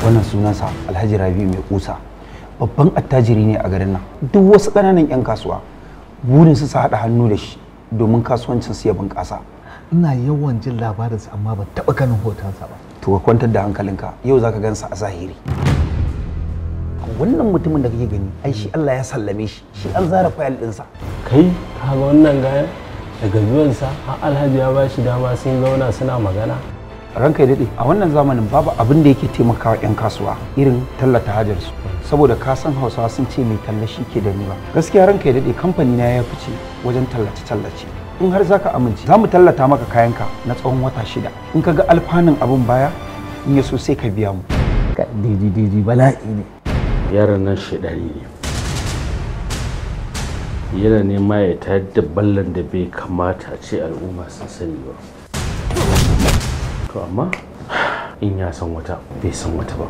wannan sunansa alhaji rabi mai kusa babban attajiri ne a garin nan duk wasu ƙananan 'yan kasuwa burin su haɗa hannu da shi domin kasuwancin su ya bunƙasa ina yawan jin labarinsa amma ban taɓa ganin hotonsa ba to ka kwantar da hankalinka yau zaka gan sa a zahiri wannan mutumin da kake gani ai shi Allah ya sallame shi shi an zara fayil ɗinsa kai ka ga wannan gayan daga zuwansa har alhaji ya ba shi dama sun zauna suna magana ranka daɗe a wannan zamanin babu abin da yake taimakawa 'yan kasuwa irin tallata hajarsu saboda ka san hausawa sun ce mai tallashi ke da niwa gaskiya ranka ya daɗe kamfani na ya fice wajen tallace tallace in har zaka amince za mu tallata maka kayanka na tsawon wata shida in ka ga alfanun abin baya in ya so sai ka biya mu didi bala'i ne yaran nan shidari ne yana nema ya tayar da ballan da bai kamata ce al'umma sun sani ba to amma in ya san wata bai san wata ba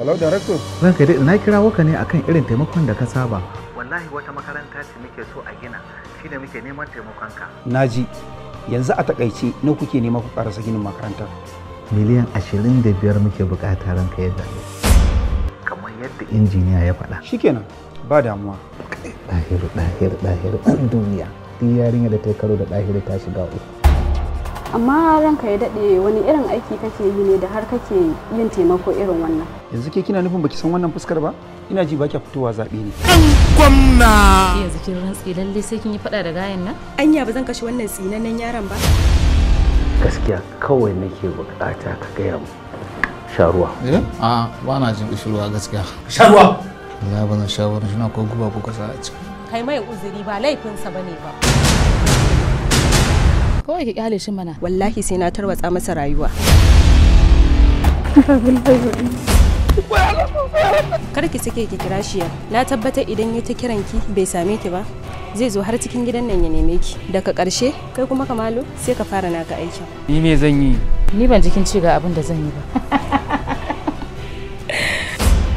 Hello director kai dai na kira waka ne akan irin taimakon da ka saba wallahi wata makaranta ce muke so a gina shine muke neman taimakon ka naji yanzu a takaice na kuke nema ku karasa ginin makarantar miliyan 25 muke bukata ranka yadda kamar yadda injiniya ya faɗa shikenan ba damuwa ɗahiru ɗahiru ɗahiru ɗan duniya duk yarinya da ta karo da ɗahiri ta shiga uku amma ranka ya daɗe wani irin aiki kake yi ne da har kake yin taimako irin wannan yanzu ke kina nufin baki san wannan fuskar ba ina ji baki fitowa zaɓe ne an gwamna eh, yanzu kin rantsi lalle sai kin yi faɗa da gayan nan anya ba zan kashe wannan tsinanan yaron ba gaskiya kawai nake bukata ka gaya mu sharuwa eh a ba na jin ƙishirwa gaskiya sharuwa wallahi ba sha shawarar shi na ko guba ko kasa a ciki kai mai uzuri ba laifinsa bane ba kawai ki kyale shi mana wallahi sai na tarwatsa masa rayuwa kar ki sake ki kira shi na tabbatar idan ya ta kiran ki bai same ki ba zai zo har cikin gidan nan ya neme ki daga karshe kai kuma kamalu sai ka fara naka aikin ni me zan yi ni ban jikin ci ga abin da zan yi ba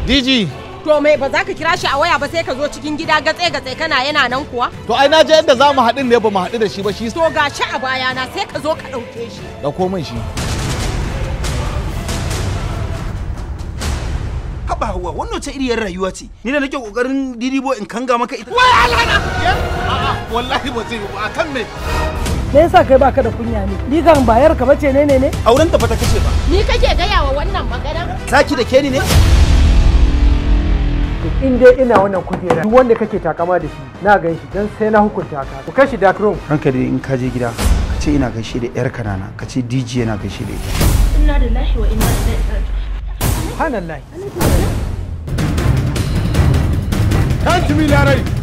diji To me ba za ka kira shi a waya ba sai ka zo cikin gida gatse gatse kana yana nan kuwa? To ai na je yadda za mu haɗin ne ba mu haɗu da shi ba shi. To ga shi a bayana sai ka zo ka ɗauke shi. Ɗauko min shi. Haba hawa wannan ta iriyar rayuwa ce. Ni da nake kokarin diribo in kanga maka ita. Wai alana. A'a wallahi ba zai ba kan me. me yasa kai baka da kunya ne ni kan bayar ka bace ne ne ne auren ba ta kace ba ni kake gaya wa wannan magana saki da ke ni ne in dai ina wannan kujera duk wanda kake takama da shi na gan shi dan sai na hukunta ka ku kashi dark room hankali in ka je gida ka ce ina gaishe da yar kanana ka ce DJ yana gaishe da ita inna lillahi wa inna ilaihi raji'un subhanallahi tantu mi larai